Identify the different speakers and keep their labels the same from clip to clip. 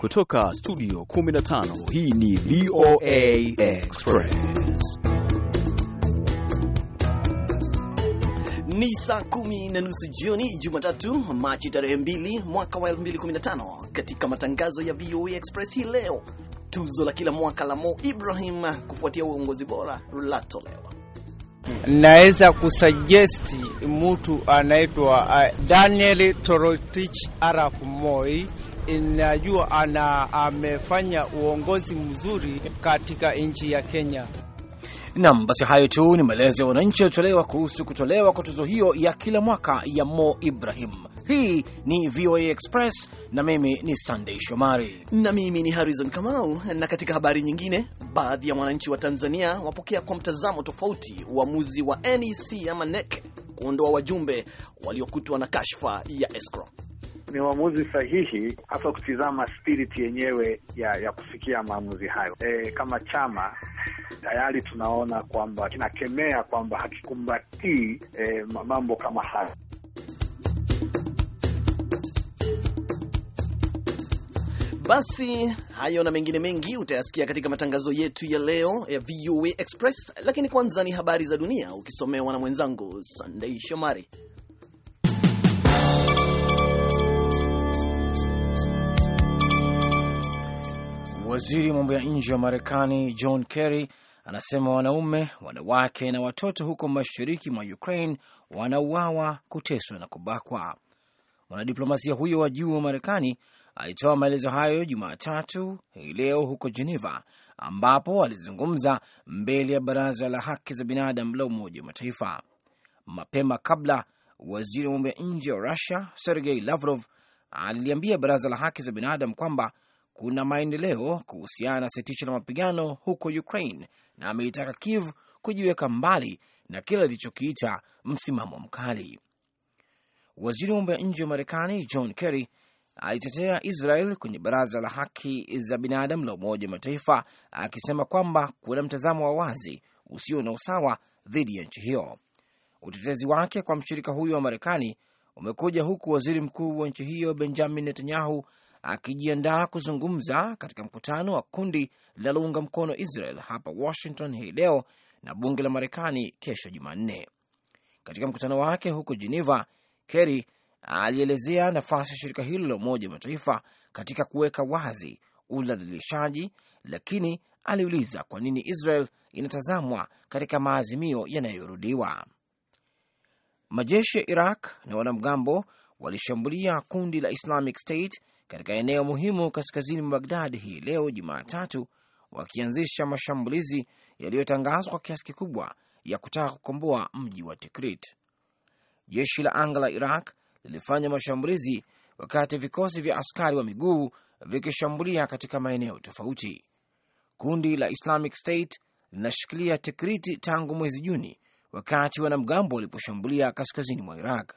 Speaker 1: Kutoka studio 15 hii ni VOA Express. Ni saa kumi na nusu jioni Jumatatu, Machi tarehe 2 mwaka wa 2015. Katika matangazo ya VOA Express hii leo, tuzo la kila mwaka la Mo Ibrahim kufuatia uongozi bora latolewa.
Speaker 2: Naweza kusajesti mtu anaitwa uh, Daniel Torotich Arap Moi inajua ana amefanya uongozi mzuri katika
Speaker 3: nchi ya Kenya. Nam, basi hayo tu ni maelezo ya wananchi yaliotolewa kuhusu kutolewa kwa tuzo hiyo ya kila mwaka ya Mo Ibrahim. Hii ni VOA Express na
Speaker 1: mimi ni Sunday Shomari na mimi ni Harrison Kamau. Na katika habari nyingine, baadhi ya wananchi wa Tanzania wapokea kwa mtazamo tofauti uamuzi wa NEC ama NEC
Speaker 4: kuondoa wajumbe waliokutwa
Speaker 1: na kashfa ya escrow
Speaker 4: ni uamuzi sahihi, hasa kutizama spirit yenyewe ya ya kufikia maamuzi hayo. E, kama chama tayari tunaona kwamba kinakemea kwamba hakikumbatii e, mambo kama hayo.
Speaker 1: Basi hayo na mengine mengi utayasikia katika matangazo yetu ya leo ya VOA Express, lakini kwanza ni habari za dunia ukisomewa na mwenzangu Sandei Shomari.
Speaker 5: Waziri
Speaker 3: mambo ya nje wa Marekani John Kerry anasema wanaume, wanawake na watoto huko mashariki mwa Ukraine wanauawa, kuteswa na kubakwa. Mwanadiplomasia huyo wa juu wa Marekani alitoa maelezo hayo Jumatatu hii leo huko Geneva, ambapo alizungumza mbele ya Baraza la Haki za Binadamu la Umoja wa Mataifa. Mapema kabla, waziri wa mambo ya nje wa Russia Sergei Lavrov aliliambia Baraza la Haki za Binadamu kwamba kuna maendeleo kuhusiana na sitisho la mapigano huko Ukraine na ameitaka Kiev kujiweka mbali na kile alichokiita msimamo mkali. Waziri wa mambo ya nje wa Marekani John Kerry alitetea Israel kwenye Baraza la Haki za Binadamu la Umoja wa Mataifa akisema kwamba kuna mtazamo wa wazi usio na usawa dhidi ya nchi hiyo. Utetezi wake kwa mshirika huyo wa Marekani umekuja huku waziri mkuu wa nchi hiyo Benjamin Netanyahu akijiandaa kuzungumza katika mkutano wa kundi linalounga mkono Israel hapa Washington hii leo na bunge la Marekani kesho Jumanne. Katika mkutano wake huko Geneva, Kerry alielezea nafasi ya shirika hilo la Umoja wa Mataifa katika kuweka wazi udhalilishaji, lakini aliuliza kwa nini Israel inatazamwa katika maazimio yanayorudiwa. Majeshi ya Iraq na wanamgambo walishambulia kundi la Islamic State katika eneo muhimu kaskazini mwa Bagdad hii leo Jumatatu, wakianzisha mashambulizi yaliyotangazwa kwa kiasi kikubwa ya kutaka kukomboa mji wa Tikrit. Jeshi la anga la Iraq lilifanya mashambulizi wakati vikosi vya askari wa miguu vikishambulia katika maeneo tofauti. Kundi la Islamic State linashikilia Tikriti tangu mwezi Juni, wakati wanamgambo waliposhambulia kaskazini mwa Iraq.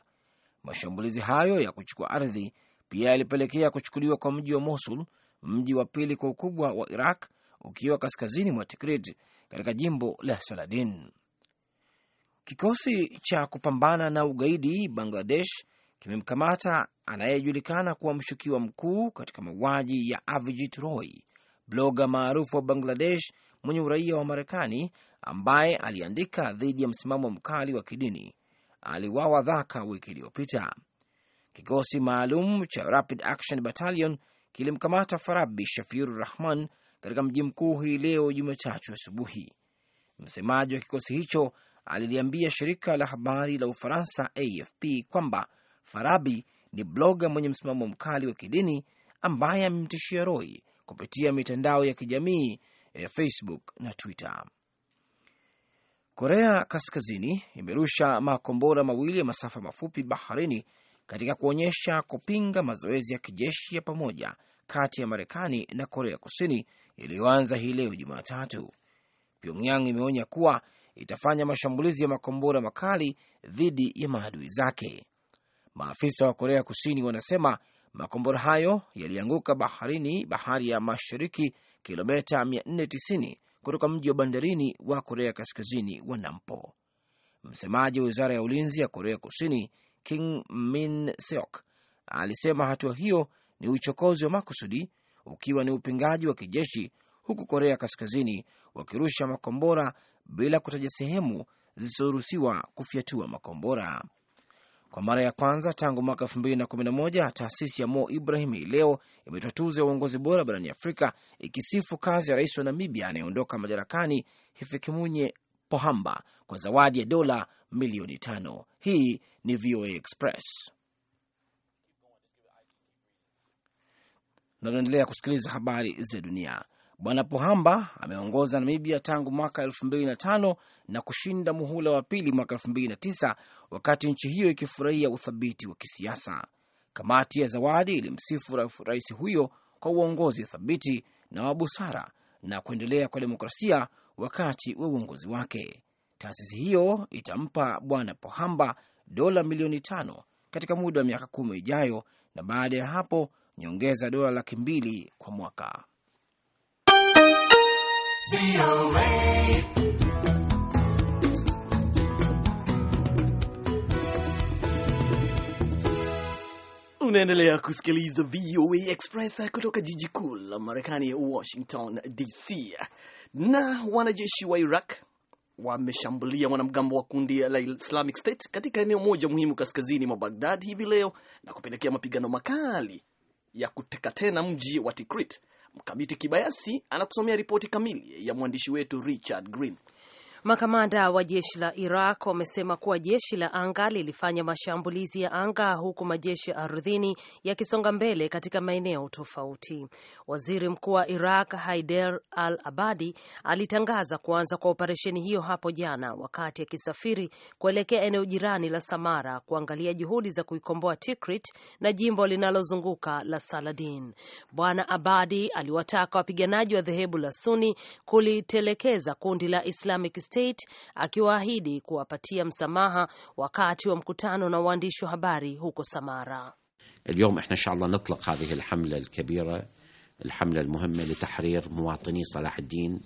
Speaker 3: Mashambulizi hayo ya kuchukua ardhi pia yalipelekea kuchukuliwa kwa mji wa Mosul, mji wa pili kwa ukubwa wa Iraq, ukiwa kaskazini mwa Tikrit katika jimbo la Saladin. Kikosi cha kupambana na ugaidi Bangladesh kimemkamata anayejulikana kuwa mshukiwa mkuu katika mauaji ya Avijit Roy, bloga maarufu wa Bangladesh mwenye uraia wa Marekani ambaye aliandika dhidi ya msimamo mkali wa kidini. Aliwawa Dhaka wiki iliyopita. Kikosi maalum cha Rapid Action Battalion kilimkamata Farabi Shafir Rahman katika mji mkuu hii leo Jumatatu asubuhi. Msemaji wa kikosi hicho aliliambia shirika la habari la Ufaransa AFP kwamba Farabi ni bloga mwenye msimamo mkali wa kidini ambaye amemtishia Roy kupitia mitandao ya kijamii ya e, Facebook na Twitter. Korea Kaskazini imerusha makombora mawili ya masafa mafupi baharini katika kuonyesha kupinga mazoezi ya kijeshi ya pamoja kati ya Marekani na Korea Kusini iliyoanza hii leo Jumatatu. Pyongyang imeonya kuwa itafanya mashambulizi ya makombora makali dhidi ya maadui zake. Maafisa wa Korea Kusini wanasema makombora hayo yalianguka baharini, bahari ya Mashariki, kilomita 490 kutoka mji wa bandarini wa Korea Kaskazini wa Nampo. Msemaji wa wizara ya ulinzi ya Korea Kusini King Min Seok alisema hatua hiyo ni uchokozi wa makusudi ukiwa ni upingaji wa kijeshi, huku Korea Kaskazini wakirusha makombora bila kutaja sehemu zisizoruhusiwa kufyatua makombora. Kwa mara ya kwanza tangu mwaka 2011 taasisi ya Mo Ibrahim hii leo imetoa tuzo ya uongozi bora barani Afrika ikisifu kazi ya rais wa Namibia anayeondoka madarakani Hifikepunye Pohamba kwa zawadi ya dola milioni tano. Hii ni VOA Express naendelea kusikiliza habari za dunia. Bwana Pohamba ameongoza Namibia tangu mwaka elfu mbili na tano na kushinda muhula wa pili mwaka elfu mbili na tisa wakati nchi hiyo ikifurahia uthabiti wa kisiasa. Kamati ya zawadi ilimsifu rais huyo kwa uongozi thabiti na wa busara na kuendelea kwa demokrasia wakati wa uongozi wake. Taasisi hiyo itampa Bwana Pohamba dola milioni tano katika muda wa miaka kumi ijayo, na baada ya hapo nyongeza dola laki mbili kwa mwaka.
Speaker 1: Unaendelea kusikiliza VOA Express kutoka jiji kuu la Marekani, Washington DC. Na wanajeshi wa Iraq wameshambulia wanamgambo wa kundi la Islamic State katika eneo moja muhimu kaskazini mwa bagdad hivi leo na kupelekea mapigano makali ya kuteka tena mji wa Tikrit. Mkamiti Kibayasi anakusomea ripoti kamili ya mwandishi wetu Richard Green.
Speaker 5: Makamanda wa jeshi la Iraq wamesema kuwa jeshi la anga lilifanya mashambulizi ya anga huku majeshi ya ardhini yakisonga mbele katika maeneo tofauti. Waziri mkuu wa Iraq Haider al-Abadi alitangaza kuanza kwa operesheni hiyo hapo jana wakati akisafiri kuelekea eneo jirani la Samara kuangalia juhudi za kuikomboa Tikrit na jimbo linalozunguka la Saladin. Bwana Abadi aliwataka wapiganaji wa dhehebu la Suni kulitelekeza kundi la Islamic State akiwaahidi kuwapatia msamaha wakati wa mkutano na waandishi wa habari huko Samara.
Speaker 3: اليوم احنا ان شاء الله نطلق هذه الحمله الكبيره الحمله المهمه لتحرير مواطني صلاح الدين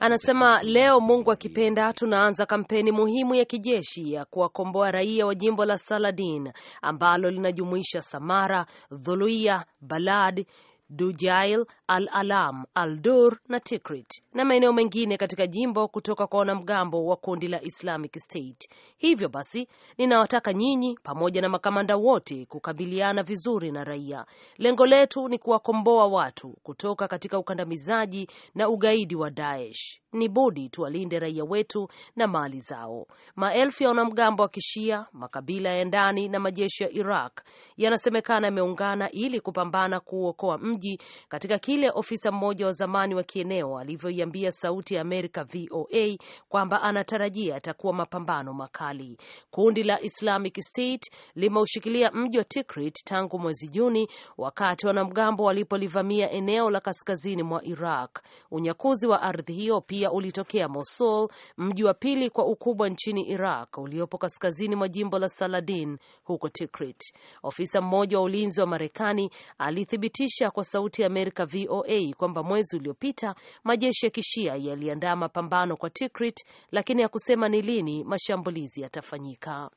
Speaker 5: Anasema leo Mungu akipenda, tunaanza kampeni muhimu ya kijeshi ya kuwakomboa raia wa jimbo la Saladin ambalo linajumuisha Samara, Dhuluia, Balad, Dujail, Al-Alam, Al-Dur na Tikrit na maeneo mengine katika jimbo kutoka kwa wanamgambo wa kundi la Islamic State. Hivyo basi, ninawataka nyinyi pamoja na makamanda wote kukabiliana vizuri na raia. Lengo letu ni kuwakomboa watu kutoka katika ukandamizaji na ugaidi wa Daesh. Ni budi tuwalinde raia wetu na mali zao. Maelfu ya wanamgambo wa Kishia, makabila ya ndani na majeshi ya Iraq yanasemekana yameungana ili kupambana kuokoa mji mauaji katika kile ofisa mmoja wa zamani wa kieneo alivyoiambia Sauti ya Amerika VOA kwamba anatarajia atakuwa mapambano makali. Kundi la Islamic State limeushikilia mji wa Tikrit tangu mwezi Juni wakati wanamgambo walipolivamia eneo la kaskazini mwa Iraq. Unyakuzi wa ardhi hiyo pia ulitokea Mosul, mji wa pili kwa ukubwa nchini Iraq uliopo kaskazini mwa jimbo la Saladin huko Tikrit. Ofisa mmoja wa ulinzi wa Marekani alithibitisha kwa Sauti ya Amerika VOA kwamba mwezi uliopita majeshi ya kishia yaliandaa mapambano kwa Tikrit, lakini hakusema ni lini mashambulizi yatafanyika.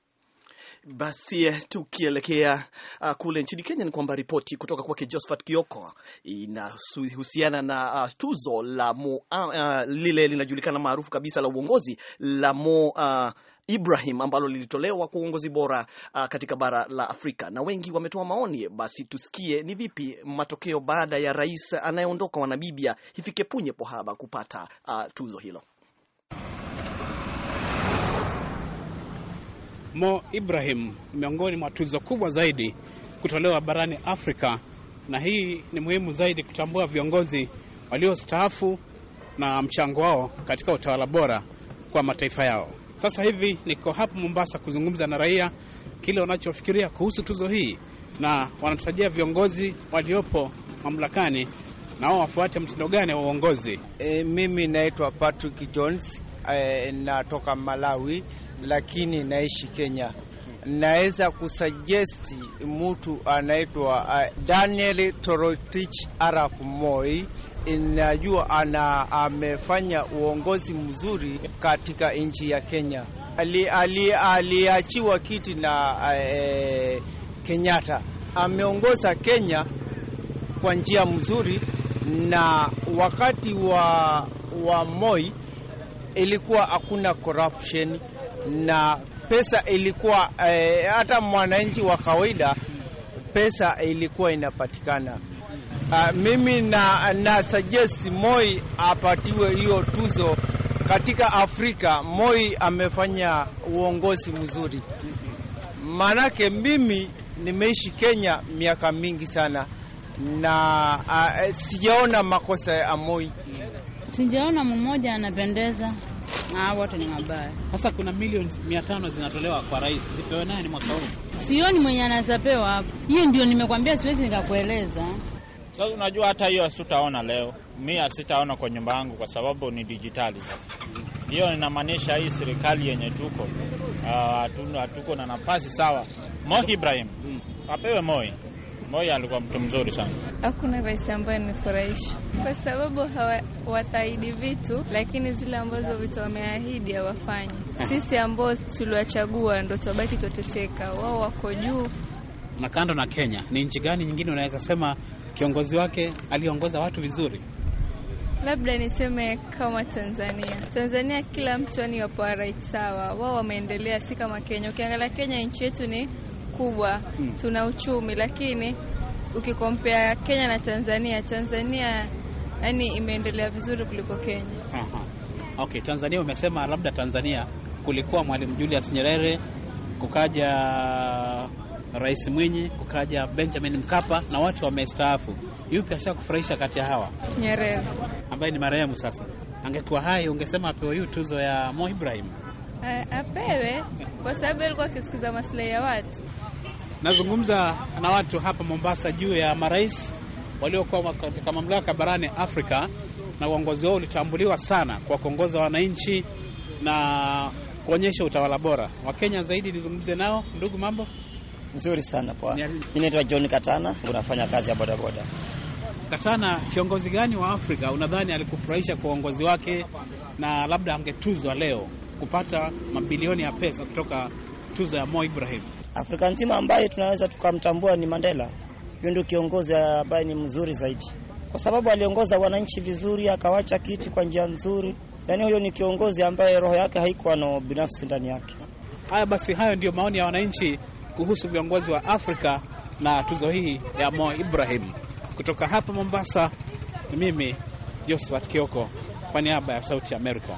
Speaker 1: Basi eh, tukielekea uh, kule nchini Kenya ni kwamba ripoti kutoka kwake Josephat Kioko inahusiana na uh, tuzo la Mo, uh, lile linajulikana maarufu kabisa la uongozi la Mo uh, Ibrahim ambalo lilitolewa kwa uongozi bora uh, katika bara la Afrika, na wengi wametoa maoni. Basi tusikie ni vipi matokeo baada ya rais anayeondoka wa Namibia Hifikepunye Pohamba kupata uh, tuzo hilo.
Speaker 6: Mo Ibrahim miongoni mwa tuzo kubwa zaidi kutolewa barani Afrika, na hii ni muhimu zaidi kutambua viongozi waliostaafu na mchango wao katika utawala bora kwa mataifa yao. Sasa hivi niko hapa Mombasa kuzungumza na raia kile wanachofikiria kuhusu tuzo hii, na wanatarajia viongozi waliopo mamlakani na wao wafuate mtindo gani wa uongozi. E, mimi naitwa Patrick Jones e, natoka Malawi
Speaker 2: lakini naishi Kenya naweza kusuggesti mtu anaitwa uh, Daniel Torotich Arap Moi. Inajua ana amefanya uongozi mzuri katika nchi ya Kenya. Aliachiwa ali, ali kiti na eh, Kenyatta. Ameongoza Kenya kwa njia mzuri, na wakati wa, wa Moi ilikuwa hakuna corruption na pesa ilikuwa eh, hata mwananchi wa kawaida pesa ilikuwa inapatikana. Uh, mimi na, na suggest Moi apatiwe hiyo tuzo katika Afrika. Moi amefanya uongozi mzuri, maanake mimi nimeishi Kenya miaka mingi sana na uh, sijaona makosa ya Moi,
Speaker 5: sijaona mmoja anapendeza Ah, wote ni mabaya.
Speaker 6: Sasa kuna milioni mia tano zinatolewa kwa rais, zipewe nani mwaka huu?
Speaker 5: Sioni mwenye anazapewa hapo. Hiyo ndio nimekwambia, siwezi nikakueleza.
Speaker 6: Sasa unajua hata hiyo sitaona leo, mi sitaona kwa nyumba yangu kwa sababu ni dijitali. Sasa hiyo inamaanisha hii serikali yenye tuko ah, hatuko uh, na nafasi sawa. Mo Ibrahim mm. apewe Moi. Moi alikuwa mtu mzuri sana.
Speaker 5: Hakuna rais ambaye nifurahishi kwa sababu hawataahidi vitu, lakini zile ambazo vitu wameahidi hawafanyi. Sisi ambao tuliwachagua ndo tuwabaki tuateseka wao wako juu.
Speaker 6: Na kando na Kenya, ni nchi gani nyingine unaweza sema kiongozi wake aliongoza watu vizuri?
Speaker 5: Labda niseme kama Tanzania. Tanzania kila mtu ani wapo right sawa, wao wameendelea, si kama Kenya. Ukiangalia Kenya, nchi yetu ni kubwa hmm. Tuna uchumi lakini ukikompea Kenya na Tanzania, Tanzania yani imeendelea vizuri kuliko Kenya.
Speaker 6: Aha. Okay, Tanzania umesema labda Tanzania kulikuwa Mwalimu Julius Nyerere, kukaja Rais Mwinyi, kukaja Benjamin Mkapa na watu wamestaafu. Yupi ashakufurahisha kati ya hawa? Nyerere ambaye ni marehemu sasa. Angekuwa hai, ungesema apewe hiyo tuzo ya Mo Ibrahim.
Speaker 5: Eh, apewe, kwa sababu alikuwa akisikiza maslahi ya watu.
Speaker 6: Nazungumza na watu hapa Mombasa juu ya marais waliokuwa katika mamlaka barani Afrika, na uongozi wao ulitambuliwa sana kwa kuongoza wananchi na kuonyesha utawala bora. wa kenya zaidi nizungumze nao. Ndugu, mambo nzuri sana poa. naitwa John
Speaker 3: Katana, unafanya kazi ya bodaboda.
Speaker 6: Katana, kiongozi gani wa Afrika unadhani alikufurahisha kwa uongozi wake na labda angetuzwa leo? kupata mabilioni ya pesa kutoka tuzo ya Mo Ibrahim. Afrika nzima ambaye tunaweza tukamtambua ni
Speaker 5: Mandela.
Speaker 3: Huyo ndio kiongozi ambaye ni mzuri zaidi, kwa sababu aliongoza wananchi vizuri, akawacha kiti kwa njia nzuri. Yaani huyo ni kiongozi ambaye roho yake haikuwa na binafsi ndani yake.
Speaker 6: Haya basi, hayo ndiyo maoni ya wananchi kuhusu viongozi wa Afrika na tuzo hii ya Mo Ibrahim. Kutoka hapa Mombasa, mimi Josephat Kioko kwa niaba ya Sauti Amerika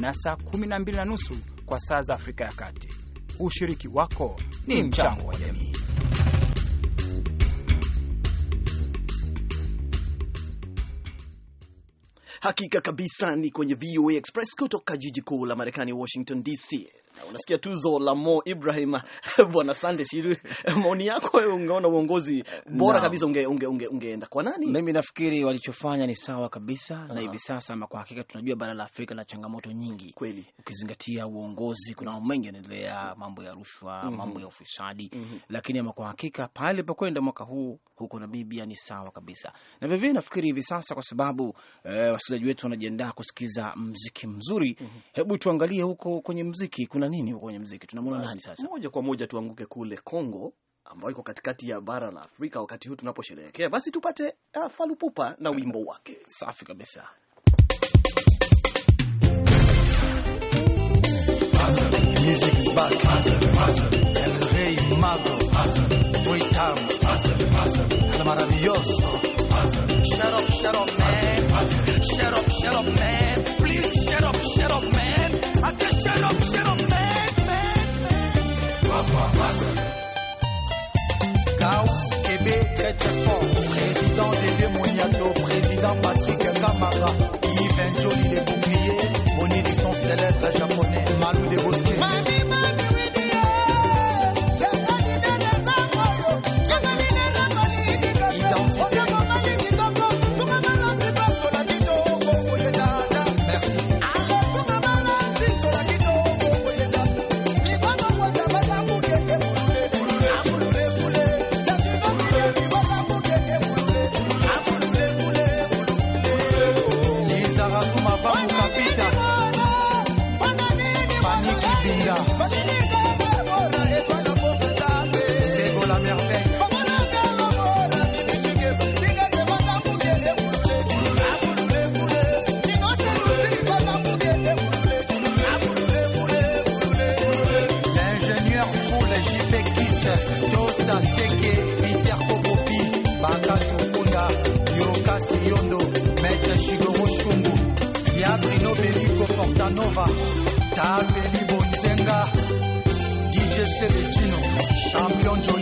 Speaker 6: na saa 12 na nusu kwa saa za Afrika ya Kati. Ushiriki wako ni mchango wa
Speaker 4: jamii.
Speaker 1: Hakika kabisa ni kwenye VOA Express kutoka jiji kuu la Marekani, Washington DC. Unasikia tuzo la Mo Ibrahim bwana Sande Shiru, maoni yako wewe, ungeona uongozi bora no. kabisa ungeenda unge, unge, unge kwa nani? Mimi nafikiri walichofanya
Speaker 3: ni sawa kabisa no. na hivi sasa, ama kwa hakika tunajua bara la Afrika na changamoto nyingi kweli, ukizingatia uongozi, kuna mambo mengi yanaendelea, mambo ya rushwa mm -hmm. mambo ya ufisadi mm -hmm. lakini ama kwa hakika pale pa kwenda mwaka huu huko Namibia ni sawa kabisa, na vivyo nafikiri hivi sasa kwa sababu eh, wasikilizaji wetu wanajiandaa kusikiza mziki mzuri mm -hmm. hebu tuangalie huko
Speaker 1: kwenye mziki kuna nini huko kwenye mziki? Tunamwona nani sasa? Moja kwa moja tuanguke kule Kongo ambayo iko katikati ya bara la Afrika wakati huu tunaposherehekea, basi tupate uh, Falupupa na wimbo wake safi kabisa. Music
Speaker 4: a fall. Patrino Belico Portanova, Tal Beli Bonzenga, DJ Celestino, Champion Johnny.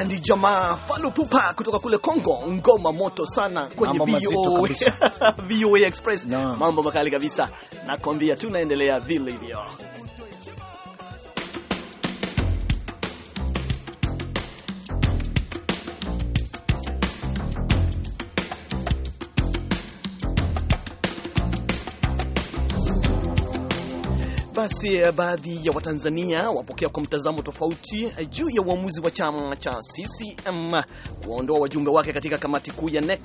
Speaker 1: Bandi jamaa Falupupa kutoka kule Kongo, ngoma moto sana kwenye VOA Express, mambo makali kabisa, nakwambia tunaendelea vilivyo. Basi eh, baadhi ya Watanzania wapokea kwa mtazamo tofauti eh, juu ya uamuzi wa chama cha CCM kuwaondoa wajumbe wake katika kamati kuu ya NEC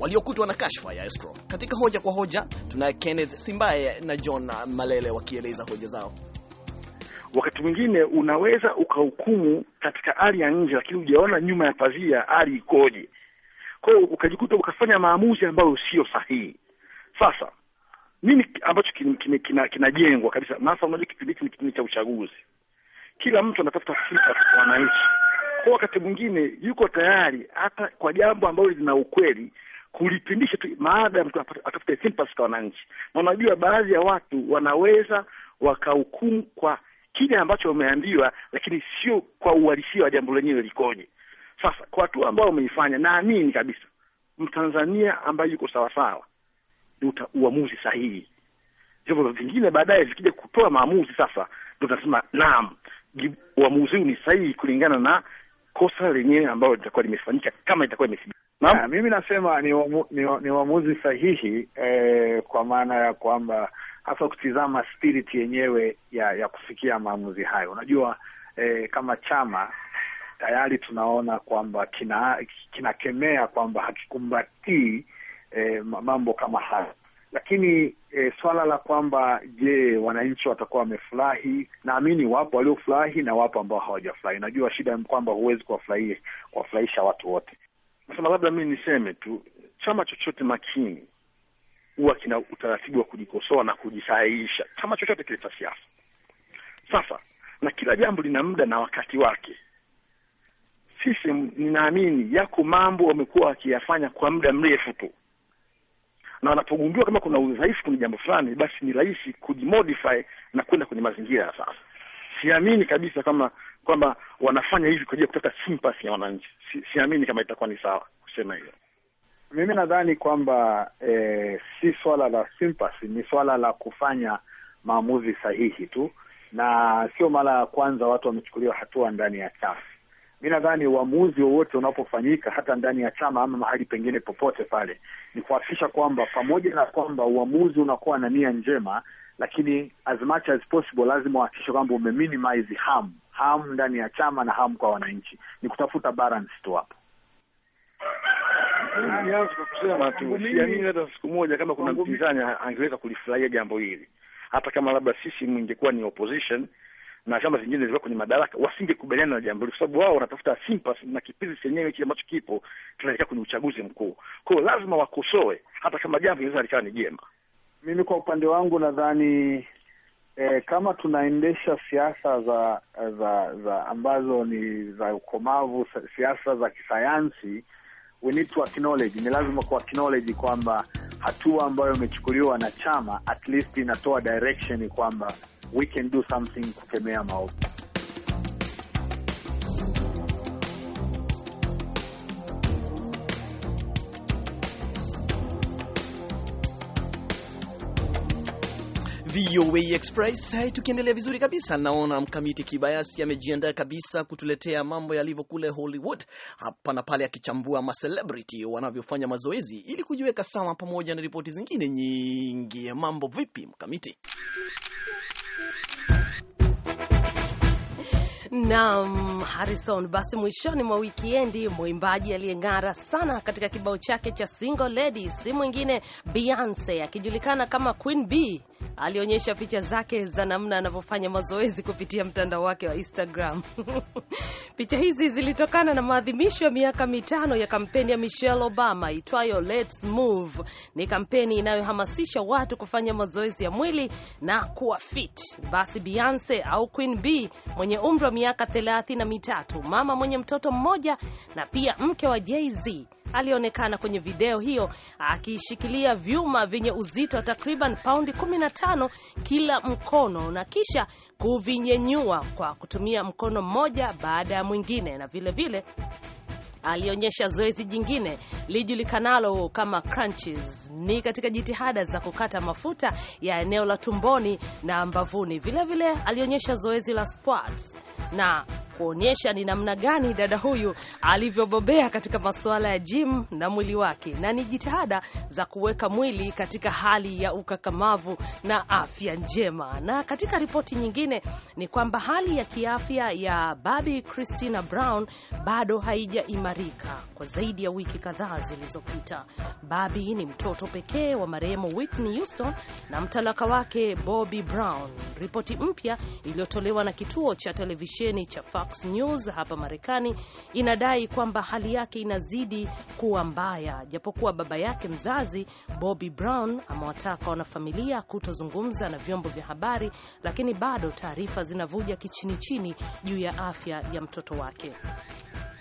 Speaker 1: waliokutwa na kashfa ya escrow. Katika hoja kwa hoja, tunaye Kenneth Simbaye na
Speaker 4: John Malele wakieleza hoja zao. Wakati mwingine unaweza ukahukumu katika hali ya nje, lakini hujaona nyuma ya pazia hali ikoje. Kwa hiyo ukajikuta ukafanya maamuzi ambayo sio sahihi. Sasa nini ambacho kinajengwa kina, kina, kina kabisa. nasa. unajua kipindi hiki ni kipindi cha uchaguzi, kila mtu anatafuta sifa kwa wananchi. Kwa wakati mwingine yuko tayari hata kwa jambo ambalo lina ukweli kulipindisha tu, ya mtu atafute simpasi kwa wananchi, na unajua baadhi ya watu wanaweza wakahukumu kwa kile ambacho wameambiwa, lakini sio kwa uhalisia wa jambo lenyewe likoje. Sasa kwa hatua ambayo umeifanya, naamini kabisa Mtanzania ambaye yuko sawasawa uta, uamuzi sahihi. Vyombo vingine baadaye vikija kutoa maamuzi, sasa ndo tunasema naam, uamuzi huu ni sahihi kulingana na kosa lenyewe ambalo litakuwa limefanyika kama itakuwa imesibi. Naam, ah, mimi nasema ni uamu, ni, ni uamuzi sahihi eh, kwa maana ya kwamba hasa ukitizama spirit yenyewe ya ya kufikia maamuzi hayo, unajua eh, kama chama tayari tunaona kwamba kina kinakemea kwamba hakikumbatii eh, mambo kama haya. Lakini eh, swala la kwamba je, wananchi watakuwa wamefurahi? Naamini wapo waliofurahi na wapo ambao hawajafurahi. Najua shida ni kwamba huwezi kuwafurahisha watu wote. Nasema labda mi niseme tu, chama chochote makini huwa kina utaratibu wa kujikosoa na kujisahihisha, chama chochote kile cha siasa. Sasa na kila jambo lina muda na wakati wake. Sisi ninaamini yako mambo wamekuwa wakiyafanya kwa muda mrefu tu na wanapogundua kama kuna udhaifu kwenye jambo fulani, basi ni rahisi kujimodify na kwenda kwenye mazingira ya sasa. Siamini kabisa kama kwamba wanafanya hivi kwa ajili ya kutaka sympathy ya wananchi. Si, siamini kama itakuwa ni sawa kusema hiyo Mimi nadhani kwamba eh, si swala la sympathy, ni swala la kufanya maamuzi sahihi tu, na sio mara ya kwanza watu wamechukuliwa hatua ndani ya chafu mi nadhani uamuzi wowote unapofanyika hata ndani ya chama ama mahali pengine popote pale, ni kuhakikisha kwamba pamoja na kwamba uamuzi unakuwa na nia njema, lakini as much as possible lazima uhakikishe kwamba umeminimize harm harm ndani ya chama na harm kwa wananchi. Ni kutafuta balance tu hapo. Yaani, yaani, yaani hata siku moja kama kuna mpinzani angeweza kulifurahia jambo hili, hata kama labda sisi mingekuwa ni opposition na chama zingine zilikuwa kwenye madaraka wasingekubaliana na jambo hili, kwa sababu wao wanatafuta simpas na kipizi chenyewe kile ambacho kipo tunaelekea kwenye uchaguzi mkuu. Kwa hiyo lazima wakosoe, hata kama jambo linaweza likawa ni jema. Mimi kwa upande wangu nadhani E, kama tunaendesha siasa za za za ambazo ni za ukomavu, siasa za kisayansi, we need to acknowledge, ni lazima ku acknowledge kwamba hatua ambayo imechukuliwa na chama at least inatoa direction kwamba we can do something kukemea maovu.
Speaker 1: VOA Express. tukiendelea vizuri kabisa, naona mkamiti Kibayasi amejiandaa kabisa kutuletea mambo yalivyo kule Hollywood hapa na pale, akichambua macelebrity wanavyofanya mazoezi ili kujiweka sawa, pamoja na ripoti zingine nyingi. Mambo vipi, mkamiti?
Speaker 5: Naam, Harrison. Basi mwishoni mwa wikiendi, mwimbaji aliyeng'ara sana katika kibao chake cha Single Lady si mwingine Beyonce, akijulikana kama Queen B alionyesha picha zake za namna anavyofanya mazoezi kupitia mtandao wake wa Instagram. Picha hizi zilitokana na maadhimisho ya miaka mitano ya kampeni ya Michelle Obama itwayo Let's Move. Ni kampeni inayohamasisha watu kufanya mazoezi ya mwili na kuwa fit. Basi Beyonce au Queen B mwenye umri wa miaka thelathini na mitatu, mama mwenye mtoto mmoja na pia mke wa Jay-Z alionekana kwenye video hiyo akishikilia vyuma vyenye uzito wa takriban paundi 15 kila mkono na kisha kuvinyenyua kwa kutumia mkono mmoja baada ya mwingine, na vilevile vile, alionyesha zoezi jingine lijulikanalo kama crunches. Ni katika jitihada za kukata mafuta ya eneo la tumboni na mbavuni. Vilevile alionyesha zoezi la squats na kuonyesha ni namna gani dada huyu alivyobobea katika masuala ya gym na mwili wake, na ni jitihada za kuweka mwili katika hali ya ukakamavu na afya njema. Na katika ripoti nyingine ni kwamba hali ya kiafya ya Babi Christina Brown bado haijaimarika kwa zaidi ya wiki kadhaa zilizopita. Babi ni mtoto pekee wa marehemu Whitney Houston na mtalaka wake Bobby Brown. Ripoti mpya iliyotolewa na kituo cha televisheni cha Fox News hapa Marekani inadai kwamba hali yake inazidi kuwa mbaya, japokuwa baba yake mzazi Bobby Brown amewataka wanafamilia kutozungumza na vyombo vya habari, lakini bado taarifa zinavuja kichini chini juu ya afya ya mtoto wake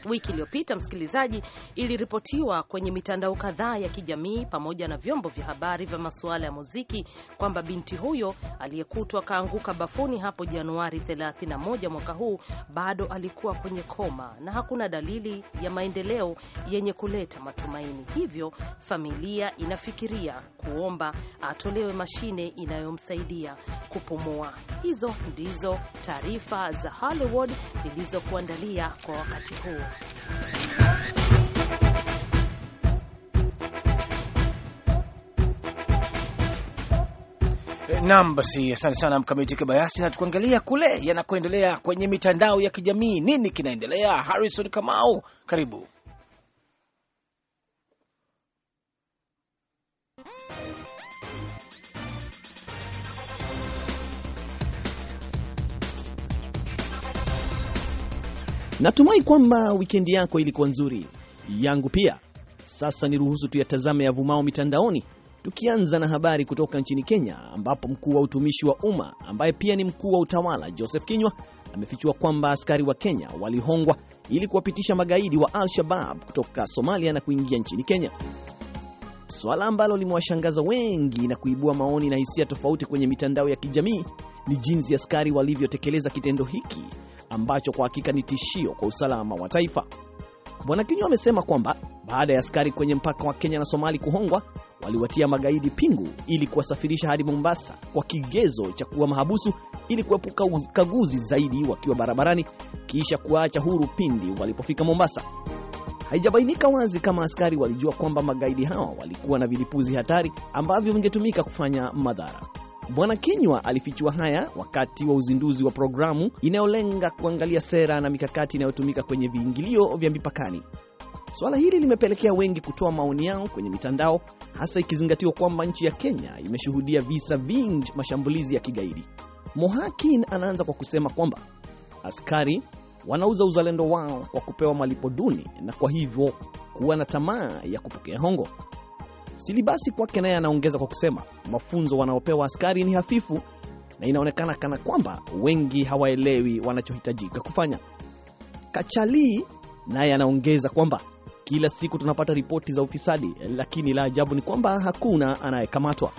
Speaker 5: wiki iliyopita, msikilizaji, iliripotiwa kwenye mitandao kadhaa ya kijamii pamoja na vyombo vya habari vya masuala ya muziki kwamba binti huyo aliyekutwa kaanguka bafuni hapo Januari 31 mwaka huu bado alikuwa kwenye koma na hakuna dalili ya maendeleo yenye kuleta matumaini, hivyo familia inafikiria kuomba atolewe mashine inayomsaidia kupumua. Hizo ndizo taarifa za Hollywood nilizokuandalia kwa wakati huu.
Speaker 3: Eh, Nam, basi asante sana Mkamiti Kibayasi, na tukuangalia kule yanakoendelea kwenye mitandao ya kijamii. Nini kinaendelea? Harrison Kamau, karibu.
Speaker 1: Natumai kwamba wikendi yako ilikuwa nzuri, yangu pia. Sasa niruhusu tuyatazame yavumao mitandaoni, tukianza na habari kutoka nchini Kenya, ambapo mkuu wa utumishi wa umma ambaye pia ni mkuu wa utawala Joseph Kinywa amefichua kwamba askari wa Kenya walihongwa ili kuwapitisha magaidi wa Al-Shabab kutoka Somalia na kuingia nchini Kenya, swala ambalo limewashangaza wengi na kuibua maoni na hisia tofauti kwenye mitandao ya kijamii ni jinsi askari walivyotekeleza kitendo hiki ambacho kwa hakika ni tishio kwa usalama wa taifa. Bwana Kinyua amesema kwamba baada ya askari kwenye mpaka wa Kenya na Somali kuhongwa, waliwatia magaidi pingu ili kuwasafirisha hadi Mombasa kwa kigezo cha kuwa mahabusu ili kuepuka ukaguzi zaidi wakiwa barabarani, kisha kuwaacha huru pindi walipofika Mombasa. Haijabainika wazi kama askari walijua kwamba magaidi hawa walikuwa na vilipuzi hatari ambavyo vingetumika kufanya madhara. Bwana Kinywa alifichua haya wakati wa uzinduzi wa programu inayolenga kuangalia sera na mikakati inayotumika kwenye viingilio vya mipakani. Suala hili limepelekea wengi kutoa maoni yao kwenye mitandao, hasa ikizingatiwa kwamba nchi ya Kenya imeshuhudia visa vingi mashambulizi ya kigaidi. Mohakin anaanza kwa kusema kwamba askari wanauza uzalendo wao kwa kupewa malipo duni na kwa hivyo kuwa na tamaa ya kupokea hongo. Silibasi kwake naye anaongeza kwa kusema mafunzo wanaopewa askari ni hafifu na inaonekana kana kwamba wengi hawaelewi wanachohitajika kufanya. Kachalii naye anaongeza kwamba kila siku tunapata ripoti za ufisadi, lakini la ajabu ni kwamba hakuna anayekamatwa.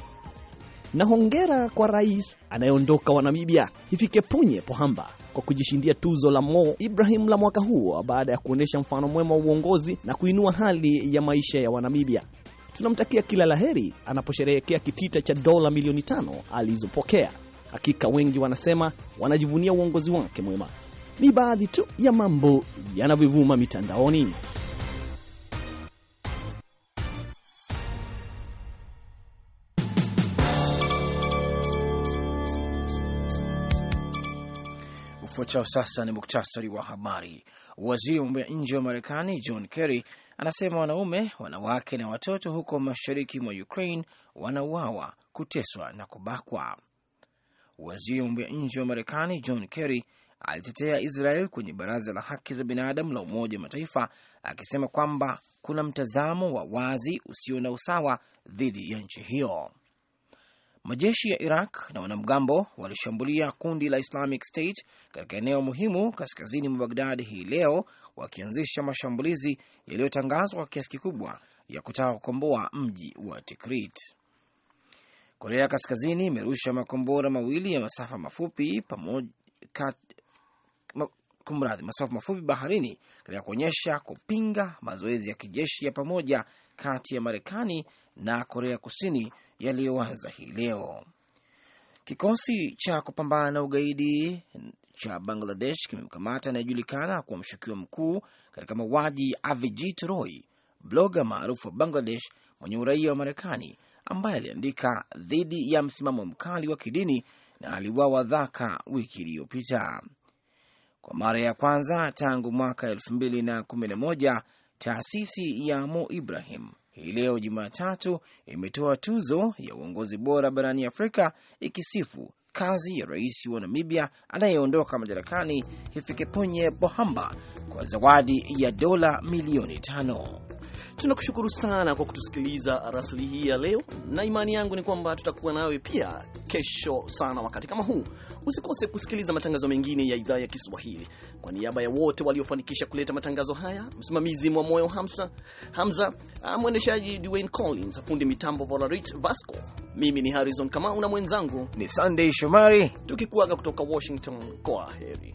Speaker 1: Na hongera kwa rais anayeondoka wa Namibia Hifikepunye Pohamba kwa kujishindia tuzo la Mo Ibrahim la mwaka huo baada ya kuonyesha mfano mwema wa uongozi na kuinua hali ya maisha ya Wanamibia. Tunamtakia kila laheri anaposherehekea kitita cha dola milioni tano alizopokea. Hakika wengi wanasema wanajivunia uongozi wake mwema. Ni baadhi tu ya mambo yanavyovuma mitandaoni.
Speaker 3: Ufuatao sasa ni muktasari wa habari. Waziri wa mambo ya nje wa Marekani John Kerry Anasema wanaume, wanawake na watoto huko mashariki mwa Ukraine wanauawa, kuteswa na kubakwa. Waziri wa mambo ya nje wa Marekani John Kerry alitetea Israel kwenye Baraza la Haki za Binadamu la Umoja wa Mataifa akisema kwamba kuna mtazamo wa wazi usio na usawa dhidi ya nchi hiyo. Majeshi ya Iraq na wanamgambo walishambulia kundi la Islamic State katika eneo muhimu kaskazini mwa Bagdad hii leo, wakianzisha mashambulizi yaliyotangazwa kwa kiasi kikubwa ya kutaka kukomboa mji wa Tikrit. Korea Kaskazini imerusha makombora mawili ya masafa mafupi pamoja kumradhi, masafa mafupi baharini katika kuonyesha kupinga mazoezi ya kijeshi ya pamoja kati ya Marekani na Korea Kusini yaliyoanza hii leo. Kikosi cha kupambana na ugaidi cha Bangladesh kimemkamata anayejulikana kuwa mshukiwa mkuu katika mauaji ya Avijit Roy, bloga maarufu wa Bangladesh mwenye uraia wa Marekani ambaye aliandika dhidi ya msimamo mkali wa kidini na aliuawa Dhaka wiki iliyopita. Kwa mara ya kwanza tangu mwaka elfu mbili na kumi na moja taasisi ya Mo Ibrahim hii leo Jumatatu imetoa tuzo ya uongozi bora barani Afrika ikisifu kazi ya rais wa Namibia anayeondoka madarakani Hifikepunye Pohamba
Speaker 1: kwa zawadi ya dola milioni tano. Tunakushukuru sana kwa kutusikiliza rasli hii ya leo, na imani yangu ni kwamba tutakuwa nawe pia kesho sana wakati kama huu. Usikose kusikiliza matangazo mengine ya idhaa ya Kiswahili. Kwa niaba ya wote waliofanikisha kuleta matangazo haya, msimamizi mwa moyo Hamza, Hamza ah, mwendeshaji Dwayne Collins, fundi mitambo Volarit Vasco, mimi ni Harrison Kamau na mwenzangu ni Sunday Shomari, tukikuaga kutoka Washington. Kwa heri.